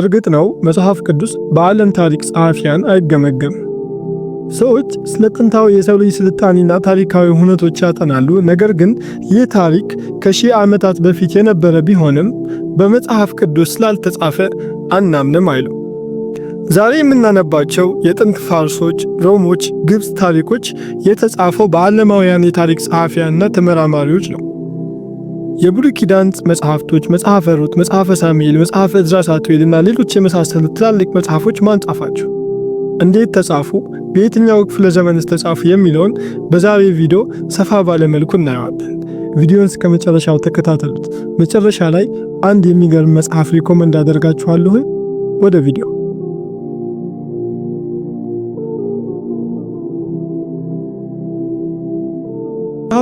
እርግጥ ነው መጽሐፍ ቅዱስ በዓለም ታሪክ ጸሐፊያን አይገመገም። ሰዎች ስለ ጥንታዊ የሰው ልጅ ስልጣኔና ታሪካዊ ሁነቶች ያጠናሉ። ነገር ግን ይህ ታሪክ ከሺህ ዓመታት በፊት የነበረ ቢሆንም በመጽሐፍ ቅዱስ ስላልተጻፈ አናምንም አይሉ። ዛሬ የምናነባቸው የጥንት ፋርሶች፣ ሮሞች፣ ግብፅ ታሪኮች የተጻፈው በዓለማውያን የታሪክ ጸሐፊያንና ተመራማሪዎች ነው። የብሉይ ኪዳን መጽሐፍቶች መጽሐፈ ሩት፣ መጽሐፈ ሳሙኤል፣ መጽሐፈ ዕዝራ ሳቱኤል እና ሌሎች የመሳሰሉት ትላልቅ መጽሐፎች ማን ጻፋቸው? እንዴት ተጻፉ? በየትኛው ክፍለ ዘመንስ ተጻፉ? የሚለውን በዛሬ ቪዲዮ ሰፋ ባለ መልኩ እናየዋለን። ቪዲዮን እስከ መጨረሻው ተከታተሉት። መጨረሻ ላይ አንድ የሚገርም መጽሐፍ ሪኮመንድ አደርጋችኋለሁ። ወደ ቪዲዮ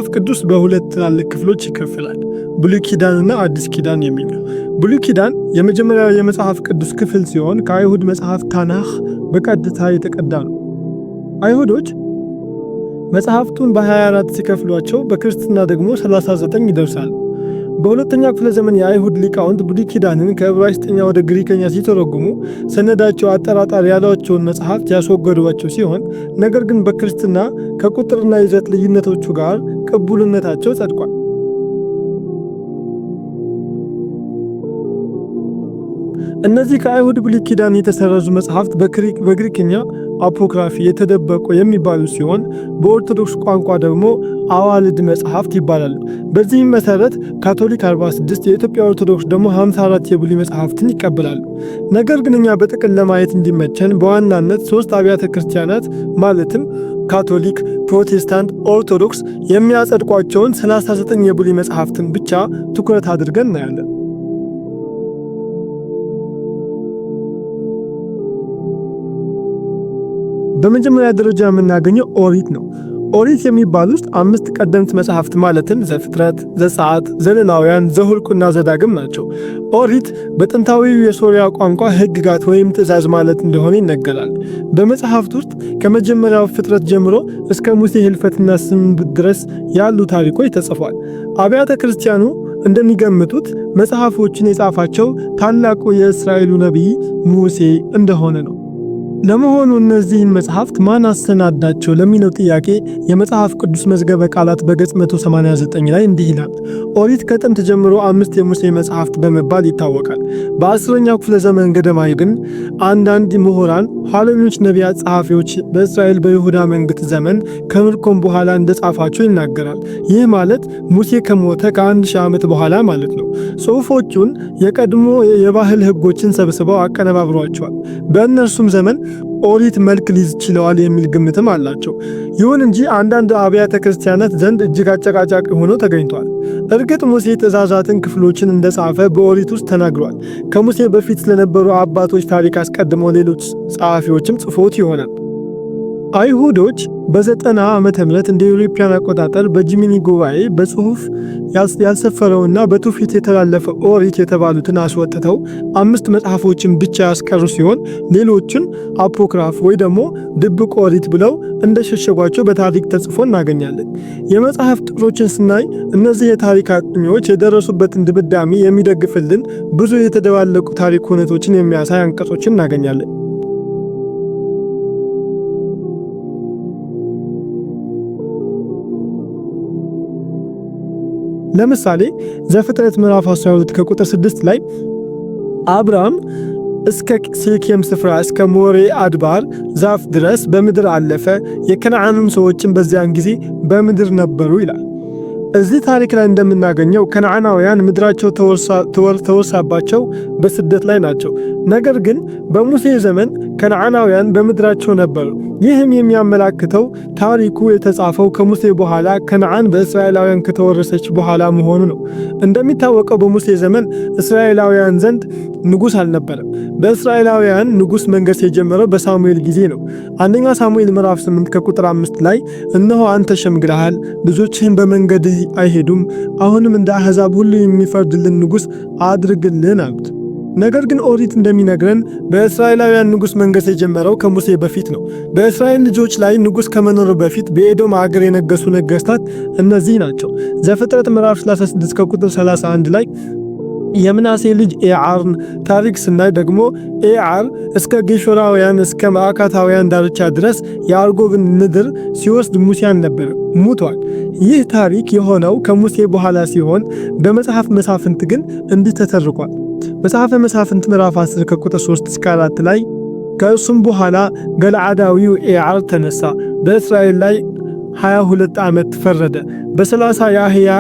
መጽሐፍ ቅዱስ በሁለት ትላልቅ ክፍሎች ይከፍላል፣ ብሉይ ኪዳንና አዲስ ኪዳን የሚል። ብሉይ ኪዳን የመጀመሪያው የመጽሐፍ ቅዱስ ክፍል ሲሆን ከአይሁድ መጽሐፍ ታናህ በቀጥታ የተቀዳ ነው። አይሁዶች መጽሐፍቱን በ24 ሲከፍሏቸው በክርስትና ደግሞ 39 ይደርሳል። በሁለተኛ ክፍለ ዘመን የአይሁድ ሊቃውንት ብሉይ ኪዳንን ከዕብራይስጥኛ ወደ ግሪከኛ ሲተረጉሙ ሰነዳቸው አጠራጣሪ ያሏቸውን መጽሐፍት ያስወገዷቸው ሲሆን ነገር ግን በክርስትና ከቁጥርና ይዘት ልዩነቶቹ ጋር ቅቡልነታቸው ጸድቋል። እነዚህ ከአይሁድ ብሉይ ኪዳን የተሰረዙ መጽሐፍት በግሪክኛ አፖክራፊ የተደበቁ የሚባሉ ሲሆን በኦርቶዶክስ ቋንቋ ደግሞ አዋልድ መጽሐፍት ይባላሉ። በዚህም መሰረት ካቶሊክ 46 የኢትዮጵያ ኦርቶዶክስ ደግሞ 54 የብሉይ መጽሐፍትን ይቀበላሉ። ነገር ግን እኛ በጥቅል ለማየት እንዲመቸን በዋናነት ሶስት አብያተ ክርስቲያናት ማለትም ካቶሊክ፣ ፕሮቴስታንት፣ ኦርቶዶክስ የሚያጸድቋቸውን 39 የቡሊ መጽሐፍትን ብቻ ትኩረት አድርገን እናያለን። በመጀመሪያ ደረጃ የምናገኘው ኦሪት ነው። ኦሪት የሚባል ውስጥ አምስት ቀደምት መጽሐፍት ማለትም ዘፍጥረት፣ ዘጸአት፣ ዘሌዋውያን፣ ዘኍልቍና ዘዳግም ናቸው። ኦሪት በጥንታዊው የሶርያ ቋንቋ ሕግጋት ወይም ትእዛዝ ማለት እንደሆነ ይነገራል። በመጽሐፍት ውስጥ ከመጀመሪያው ፍጥረት ጀምሮ እስከ ሙሴ ህልፈትና ስም ድረስ ያሉ ታሪኮች ተጽፏል። አብያተ ክርስቲያኑ እንደሚገምቱት መጽሐፎችን የጻፋቸው ታላቁ የእስራኤሉ ነቢይ ሙሴ እንደሆነ ነው። ለመሆኑ እነዚህን መጽሐፍት ማን አሰናዳቸው ለሚለው ጥያቄ የመጽሐፍ ቅዱስ መዝገበ ቃላት በገጽ 189 ላይ እንዲህ ይላል። ኦሪት ከጥንት ጀምሮ አምስት የሙሴ መጽሐፍት በመባል ይታወቃል። በአስረኛው ክፍለ ዘመን ገደማ ግን አንዳንድ ምሁራን፣ ኋለኞች ነቢያት፣ ጸሐፊዎች በእስራኤል በይሁዳ መንግሥት ዘመን ከምርኮም በኋላ እንደጻፋቸው ይናገራል። ይህ ማለት ሙሴ ከሞተ ከአንድ ሺህ ዓመት በኋላ ማለት ነው። ጽሑፎቹን የቀድሞ የባህል ሕጎችን ሰብስበው አቀነባብሯቸዋል። በእነርሱም ዘመን ኦሪት መልክ ሊይዝ ችለዋል የሚል ግምትም አላቸው። ይሁን እንጂ አንዳንድ አብያተ ክርስቲያናት ዘንድ እጅግ አጨቃጫቂ ሆኖ ተገኝቷል። እርግጥ ሙሴ ትእዛዛትን ክፍሎችን እንደጻፈ በኦሪት ውስጥ ተናግሯል። ከሙሴ በፊት ስለነበሩ አባቶች ታሪክ አስቀድመው ሌሎች ጸሐፊዎችም ጽፎት ይሆናል። አይሁዶች በዘጠና ዓመተ ምህረት እንደ ኢውሮፓውያን አቆጣጠር በጂሚኒ ጉባኤ በጽሑፍ ያልሰፈረውና በትውፊት የተላለፈ ኦሪት የተባሉትን አስወጥተው አምስት መጽሐፎችን ብቻ ያስቀሩ ሲሆን ሌሎችን አፖክራፍ ወይ ደግሞ ድብቅ ኦሪት ብለው እንደሸሸጓቸው በታሪክ ተጽፎ እናገኛለን። የመጽሐፍ ጥቅሶችን ስናይ እነዚህ የታሪክ አጥኚዎች የደረሱበትን ድምዳሜ የሚደግፍልን ብዙ የተደባለቁ ታሪክ ሁነቶችን የሚያሳይ አንቀጾችን እናገኛለን። ለምሳሌ ዘፍጥረት ምዕራፍ 12 ከቁጥር 6 ላይ አብርሃም እስከ ሴኬም ስፍራ እስከ ሞሬ አድባር ዛፍ ድረስ በምድር አለፈ፣ የከነዓንም ሰዎችን በዚያን ጊዜ በምድር ነበሩ ይላል። እዚህ ታሪክ ላይ እንደምናገኘው ከነዓናውያን ምድራቸው ተወርሳባቸው በስደት ላይ ናቸው። ነገር ግን በሙሴ ዘመን ከነዓናውያን በምድራቸው ነበሩ። ይህም የሚያመላክተው ታሪኩ የተጻፈው ከሙሴ በኋላ ከነዓን በእስራኤላውያን ከተወረሰች በኋላ መሆኑ ነው። እንደሚታወቀው በሙሴ ዘመን እስራኤላውያን ዘንድ ንጉሥ አልነበረም። በእስራኤላውያን ንጉሥ መንገስ የጀመረው በሳሙኤል ጊዜ ነው። አንደኛ ሳሙኤል ምዕራፍ 8 ከቁጥር 5 ላይ እነሆ አንተ ሸምግለሃል፣ ልጆችህን በመንገድህ አይሄዱም፣ አሁንም እንደ አሕዛብ ሁሉ የሚፈርድልን ንጉሥ አድርግልን አሉት። ነገር ግን ኦሪት እንደሚነግረን በእስራኤላውያን ንጉሥ መንገስ የጀመረው ከሙሴ በፊት ነው። በእስራኤል ልጆች ላይ ንጉሥ ከመኖሩ በፊት በኤዶም አገር የነገሱ ነገሥታት እነዚህ ናቸው። ዘፍጥረት ምዕራፍ 36 ከቁጥር 31 ላይ የምናሴ ልጅ ኤዓርን ታሪክ ስናይ ደግሞ ኤዓር እስከ ጌሾራውያን እስከ ማዕካታውያን ዳርቻ ድረስ የአርጎብን ምድር ሲወስድ ሙሴያን ነበር ሙቷል። ይህ ታሪክ የሆነው ከሙሴ በኋላ ሲሆን በመጽሐፍ መሳፍንት ግን እንዲህ ተተርቋል። መጽሐፈ መሳፍንት ምዕራፍ 10 ከቁጥር 3 እስከ 4 ላይ ከእርሱም በኋላ ገልዓዳዊው ኤዓር ተነሳ፣ በእስራኤል ላይ 22 ዓመት ፈረደ። በ30 የአህያ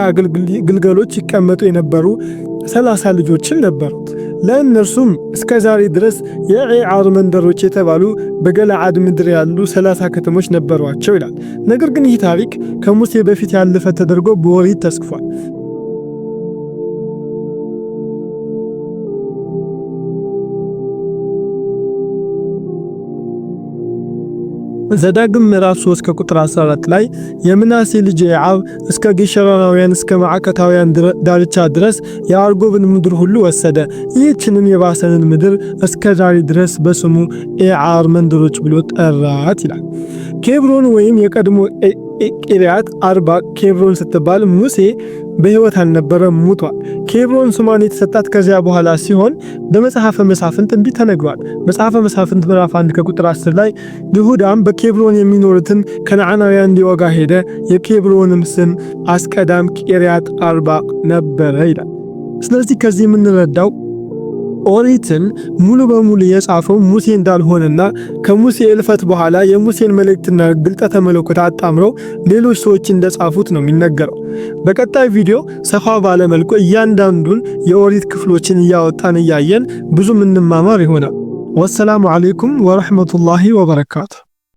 ግልገሎች ይቀመጡ የነበሩ 30 ልጆችን ነበሩት። ለእነርሱም እስከ ዛሬ ድረስ የኤዓር መንደሮች የተባሉ በገለዓድ ምድር ያሉ 30 ከተሞች ነበሯቸው ይላል። ነገር ግን ይህ ታሪክ ከሙሴ በፊት ያለፈ ተደርጎ በኦሪት ተጽፏል። ዘዳግም ምዕራፍ 3 ከቁጥር 14 ላይ የምናሴ ልጅ ያዕብ እስከ ጌሸራውያን እስከ ማዕከታውያን ዳርቻ ድረስ የአርጎብን ምድር ሁሉ ወሰደ። ይህችንም የባሰንን ምድር እስከ ዛሬ ድረስ በስሙ ኤዓር መንደሮች ብሎ ጠራት ይላል። ኬብሮን ወይም የቀድሞ ቂርያት አርባ ኬብሮን ስትባል ሙሴ በሕይወት አልነበረም፣ ሙቷል። ኬብሮን ስሟን የተሰጣት ከዚያ በኋላ ሲሆን በመጽሐፈ መሳፍንት እንዲህ ተነግሯል። መጽሐፈ መሳፍንት ምዕራፍ 1 ከቁጥር 10 ላይ ይሁዳም በኬብሮን የሚኖሩትን ከነዓናውያን ሊወጋ ሄደ፣ የኬብሮንም ስም አስቀዳም ቂርያት አርባ ነበረ ይላል። ስለዚህ ከዚህ የምንረዳው ኦሪትን ሙሉ በሙሉ የጻፈው ሙሴ እንዳልሆነና ከሙሴ እልፈት በኋላ የሙሴን መልእክትና ግልጠተ መለኮት አጣምረው ሌሎች ሰዎች እንደጻፉት ነው የሚነገረው። በቀጣይ ቪዲዮ ሰፋ ባለ መልኩ እያንዳንዱን የኦሪት ክፍሎችን እያወጣን እያየን ብዙ ምንማማር ይሆናል። ወሰላሙ አሌይኩም ወረሕመቱላሂ ወበረካቱ።